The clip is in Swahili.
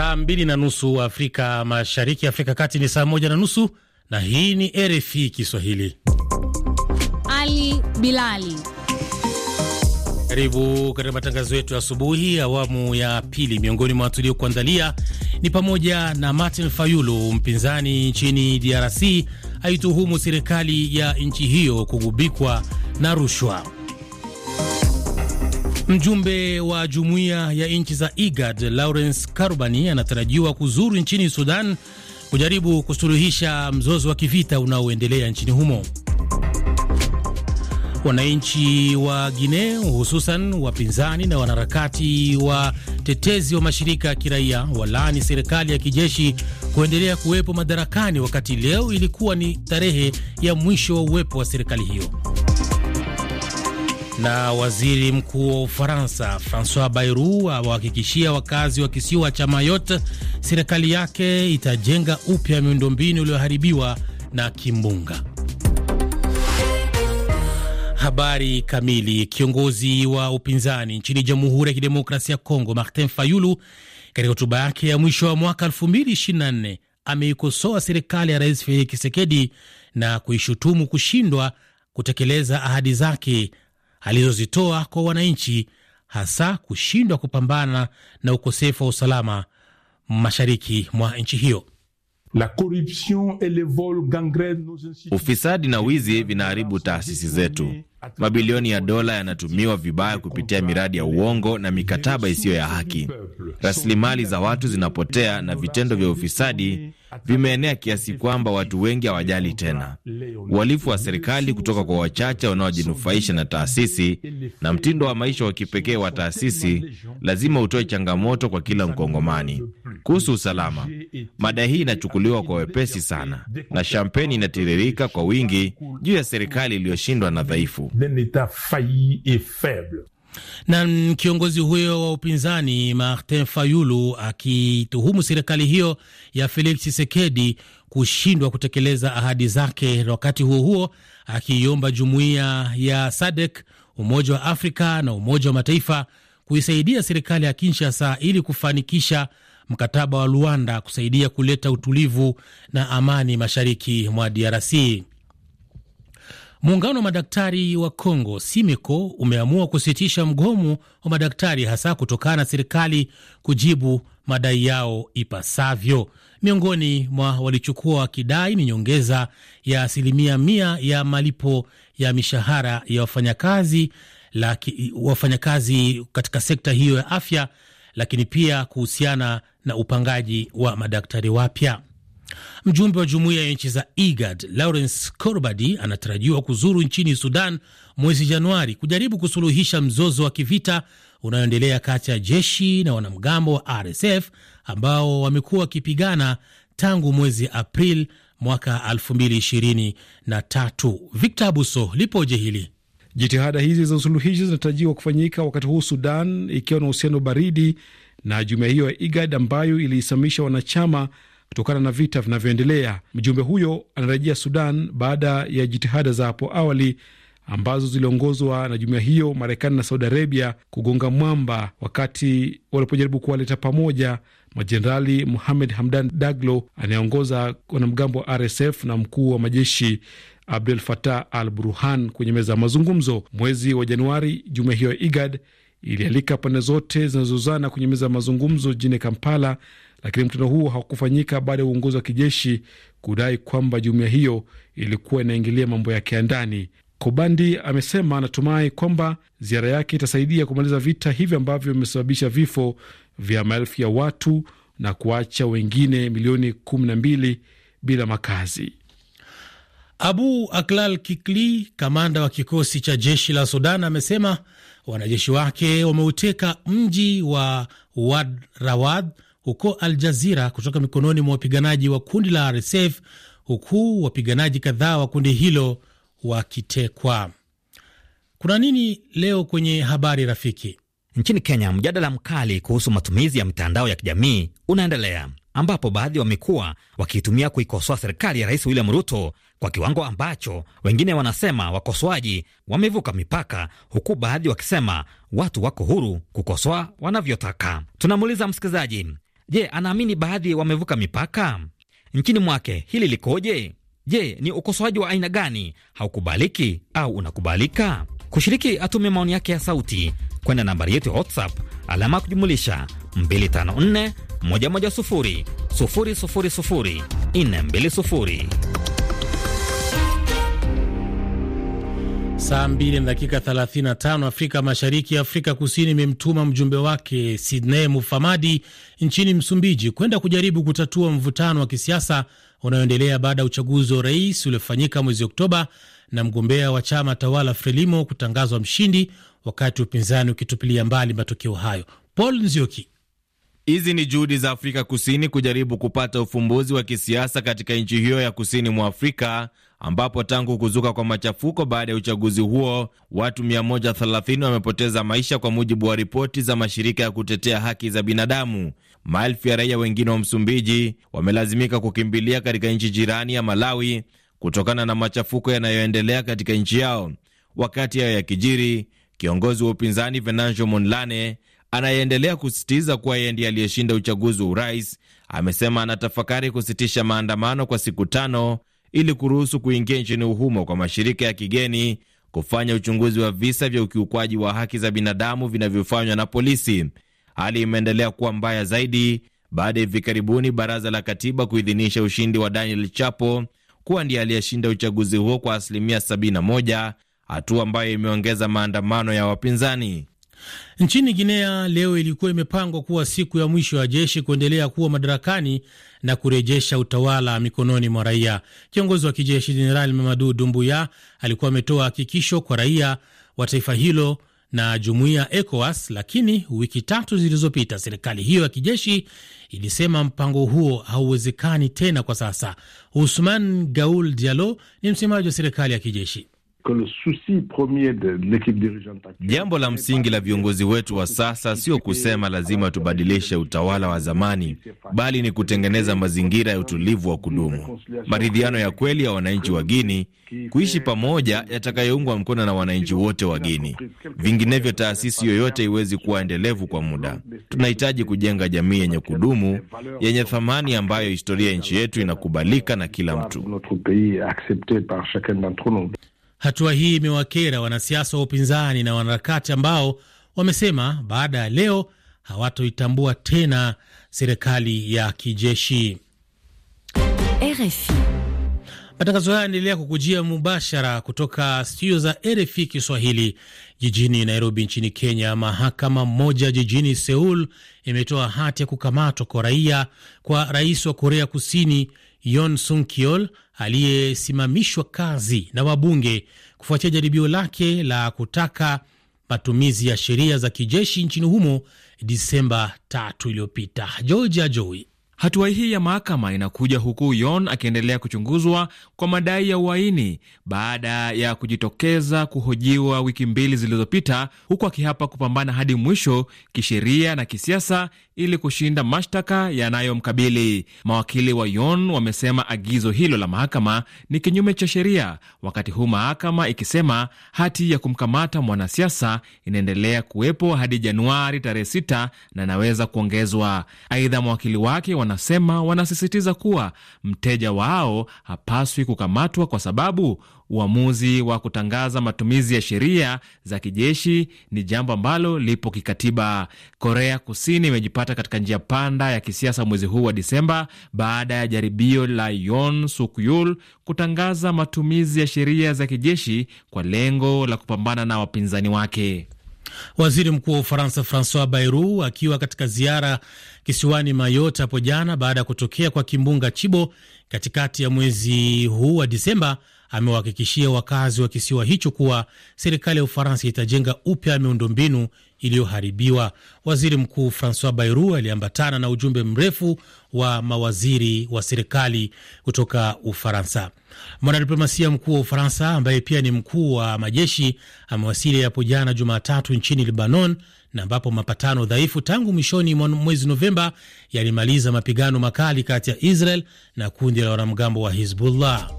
saa mbili na nusu Afrika Mashariki, Afrika Kati ni saa moja na nusu, na hii ni RFI Kiswahili. Ali Bilali, karibu katika matangazo yetu ya asubuhi, awamu ya pili. Miongoni mwa tuliokuandalia ni pamoja na Martin Fayulu, mpinzani nchini DRC, aituhumu serikali ya nchi hiyo kugubikwa na rushwa. Mjumbe wa jumuiya ya nchi za IGAD Lawrence Karubani anatarajiwa kuzuru nchini Sudan kujaribu kusuluhisha mzozo wa kivita unaoendelea nchini humo. Wananchi wa Guinea hususan wapinzani na wanaharakati wa tetezi wa mashirika ya kiraia walaani serikali ya kijeshi kuendelea kuwepo madarakani, wakati leo ilikuwa ni tarehe ya mwisho wa uwepo wa serikali hiyo. Na waziri mkuu wa Ufaransa Francois Bayrou awahakikishia wakazi wa kisiwa cha Mayotte serikali yake itajenga upya miundombinu iliyoharibiwa na kimbunga. Habari kamili. Kiongozi wa upinzani nchini Jamhuri ya Kidemokrasia ya Kongo Martin Fayulu, katika hotuba yake ya mwisho wa mwaka 2024 ameikosoa serikali ya Rais Felix Tshisekedi na kuishutumu kushindwa kutekeleza ahadi zake alizozitoa kwa wananchi, hasa kushindwa kupambana na ukosefu wa usalama mashariki mwa nchi hiyo. La corruption et le vol gangrènent nos institutions. Ufisadi na wizi vinaharibu taasisi zetu. Mabilioni ya dola yanatumiwa vibaya kupitia miradi ya uongo na mikataba isiyo ya haki. Rasilimali za watu zinapotea na vitendo vya ufisadi vimeenea kiasi kwamba watu wengi hawajali tena. Uhalifu wa serikali kutoka kwa wachache wanaojinufaisha na taasisi na mtindo wa maisha wa kipekee wa taasisi lazima utoe changamoto kwa kila Mkongomani. Kuhusu usalama, mada hii inachukuliwa kwa wepesi sana na shampeni inatiririka kwa wingi juu ya serikali iliyoshindwa na dhaifu. Na kiongozi huyo wa upinzani Martin Fayulu akituhumu serikali hiyo ya Felix Tshisekedi kushindwa kutekeleza ahadi zake, na wakati huo huo akiiomba jumuiya ya SADC, Umoja wa Afrika na Umoja wa Mataifa kuisaidia serikali ya Kinshasa ili kufanikisha mkataba wa Luanda kusaidia kuleta utulivu na amani mashariki mwa DRC. Muungano wa madaktari wa congo simico umeamua kusitisha mgomo wa madaktari hasa kutokana na serikali kujibu madai yao ipasavyo. Miongoni mwa walichukua wakidai ni nyongeza ya asilimia mia ya malipo ya mishahara ya wafanyakazi wafanyakazi katika sekta hiyo ya afya lakini pia kuhusiana na upangaji wa madaktari wapya. Mjumbe wa jumuiya ya nchi za IGAD Lawrence Corbadi anatarajiwa kuzuru nchini Sudan mwezi Januari kujaribu kusuluhisha mzozo wa kivita unaoendelea kati ya jeshi na wanamgambo wa RSF ambao wamekuwa wakipigana tangu mwezi Aprili mwaka 2023. Victor Abuso, lipoje hili? Jitihada hizi za usuluhishi zinatarajiwa kufanyika wakati huu Sudan ikiwa na uhusiano baridi na jumuiya hiyo ya IGAD ambayo iliisamisha wanachama kutokana na vita vinavyoendelea. Mjumbe huyo anarejea Sudan baada ya jitihada za hapo awali ambazo ziliongozwa na jumuiya hiyo, Marekani na Saudi Arabia kugonga mwamba wakati walipojaribu kuwaleta pamoja majenerali muhamed Hamdan Daglo anayeongoza wanamgambo wa RSF na mkuu wa majeshi abdul fatah al Burhan kwenye meza ya mazungumzo. Mwezi wa Januari, jumuiya hiyo ya IGAD ilialika pande zote zinazozana kwenye meza ya mazungumzo jijini Kampala, lakini mkutano huo haukufanyika baada ya uongozi wa kijeshi kudai kwamba jumuiya hiyo ilikuwa inaingilia mambo yake ya ndani. Kobandi amesema anatumai kwamba ziara yake itasaidia kumaliza vita hivyo ambavyo vimesababisha vifo vya maelfu ya watu na kuacha wengine milioni 12 bila makazi. Abu Aklal Kikli, kamanda wa kikosi cha jeshi la Sudan, amesema wanajeshi wake wameuteka mji wa Wad Rawad huko Al Jazira kutoka mikononi mwa wapiganaji wa kundi la RSF, huku wapiganaji kadhaa wa kundi hilo wakitekwa. Kuna nini leo kwenye habari rafiki? Nchini Kenya, mjadala mkali kuhusu matumizi ya mitandao ya kijamii unaendelea ambapo baadhi wamekuwa wakiitumia kuikosoa serikali ya Rais William Ruto kwa kiwango ambacho wengine wanasema wakosoaji wamevuka mipaka, huku baadhi wakisema watu wako huru kukosoa wanavyotaka. Tunamuuliza msikilizaji, je, anaamini baadhi wamevuka mipaka nchini mwake? Hili likoje? Je, ni ukosoaji wa aina gani haukubaliki au unakubalika? Kushiriki, atume maoni yake ya sauti kwenda nambari yetu ya WhatsApp alama ya kujumulisha 254 Saa 2 na dakika 35 Afrika Mashariki. Afrika Kusini imemtuma mjumbe wake Sidney Mufamadi nchini Msumbiji kwenda kujaribu kutatua mvutano wa kisiasa unayoendelea baada ya uchaguzi wa rais uliofanyika mwezi Oktoba na mgombea wa chama tawala Frelimo kutangazwa mshindi, wakati upinzani ukitupilia mbali matokeo hayo. Paul Nzioki Hizi ni juhudi za Afrika Kusini kujaribu kupata ufumbuzi wa kisiasa katika nchi hiyo ya kusini mwa Afrika ambapo tangu kuzuka kwa machafuko baada ya uchaguzi huo watu 130 wamepoteza maisha, kwa mujibu wa ripoti za mashirika ya kutetea haki za binadamu. Maelfu ya raia wengine wa Msumbiji wamelazimika kukimbilia katika nchi jirani ya Malawi kutokana na machafuko yanayoendelea katika nchi yao. Wakati hayo yakijiri, kiongozi wa upinzani Venancio Mondlane anayeendelea kusisitiza kuwa yeye ndiye aliyeshinda uchaguzi wa urais, amesema anatafakari kusitisha maandamano kwa siku tano ili kuruhusu kuingia nchini humo kwa mashirika ya kigeni kufanya uchunguzi wa visa vya ukiukwaji wa haki za binadamu vinavyofanywa na polisi. Hali imeendelea kuwa mbaya zaidi baada ya hivi karibuni baraza la katiba kuidhinisha ushindi wa Daniel Chapo kuwa ndiye aliyeshinda uchaguzi huo kwa asilimia 71, hatua ambayo imeongeza maandamano ya wapinzani. Nchini Guinea leo ilikuwa imepangwa kuwa siku ya mwisho ya jeshi kuendelea kuwa madarakani na kurejesha utawala mikononi mwa raia. Kiongozi wa kijeshi Jenerali Mamadu Dumbuya alikuwa ametoa hakikisho kwa raia wa taifa hilo na jumuiya ECOWAS, lakini wiki tatu zilizopita serikali hiyo ya kijeshi ilisema mpango huo hauwezekani tena kwa sasa. Usman Gaul Diallo ni msemaji wa serikali ya kijeshi. Jambo la msingi la viongozi wetu wa sasa sio kusema lazima tubadilishe utawala wa zamani, bali ni kutengeneza mazingira ya utulivu wa kudumu, maridhiano ya kweli ya wananchi wa gini kuishi pamoja yatakayoungwa mkono na wananchi wote wa gini Vinginevyo taasisi yoyote iwezi kuwa endelevu kwa muda. Tunahitaji kujenga jamii yenye kudumu, yenye thamani, ambayo historia ya nchi yetu inakubalika na kila mtu. Hatua hii imewakera wanasiasa wa upinzani na wanaharakati ambao wamesema baada ya leo hawatoitambua tena serikali ya kijeshi. RFI. Matangazo haya yanaendelea kukujia mubashara kutoka studio za RFI Kiswahili jijini Nairobi nchini Kenya. Mahakama moja jijini Seul imetoa hati ya kukamatwa kwa raia kwa rais wa Korea Kusini Yon Sung Kiol aliyesimamishwa kazi na wabunge kufuatia jaribio lake la kutaka matumizi ya sheria za kijeshi nchini humo Disemba tatu iliyopita. Georgia Joi. Hatua hii ya mahakama inakuja huku Yon akiendelea kuchunguzwa kwa madai ya uhaini baada ya kujitokeza kuhojiwa wiki mbili zilizopita, huku akihapa kupambana hadi mwisho kisheria na kisiasa ili kushinda mashtaka yanayomkabili. Mawakili wa Yon wamesema agizo hilo la mahakama ni kinyume cha sheria, wakati huu mahakama ikisema hati ya kumkamata mwanasiasa inaendelea kuwepo hadi Januari tarehe 6 na anaweza kuongezwa. Aidha, mawakili wake wanasema wanasisitiza kuwa mteja wao hapaswi kukamatwa kwa sababu uamuzi wa kutangaza matumizi ya sheria za kijeshi ni jambo ambalo lipo kikatiba. Korea Kusini imejipata kujipata katika njia panda ya kisiasa mwezi huu wa Disemba baada ya jaribio la Yon sukyul kutangaza matumizi ya sheria za kijeshi kwa lengo la kupambana na wapinzani wake. Waziri Mkuu wa Ufaransa Francois Bayrou akiwa katika ziara kisiwani Mayotte hapo jana baada ya kutokea kwa kimbunga Chibo katikati ya mwezi huu wa Disemba amewahakikishia wakazi wa kisiwa hicho kuwa serikali ya Ufaransa itajenga upya miundombinu iliyoharibiwa. Waziri Mkuu Francois Bayrou aliambatana na ujumbe mrefu wa mawaziri wa serikali kutoka Ufaransa. Mwanadiplomasia mkuu wa Ufaransa ambaye pia ni mkuu wa majeshi amewasili hapo jana Jumatatu nchini Lebanon, na ambapo mapatano dhaifu tangu mwishoni mwa mwezi Novemba yalimaliza mapigano makali kati ya Israel na kundi la wanamgambo wa Hizbullah.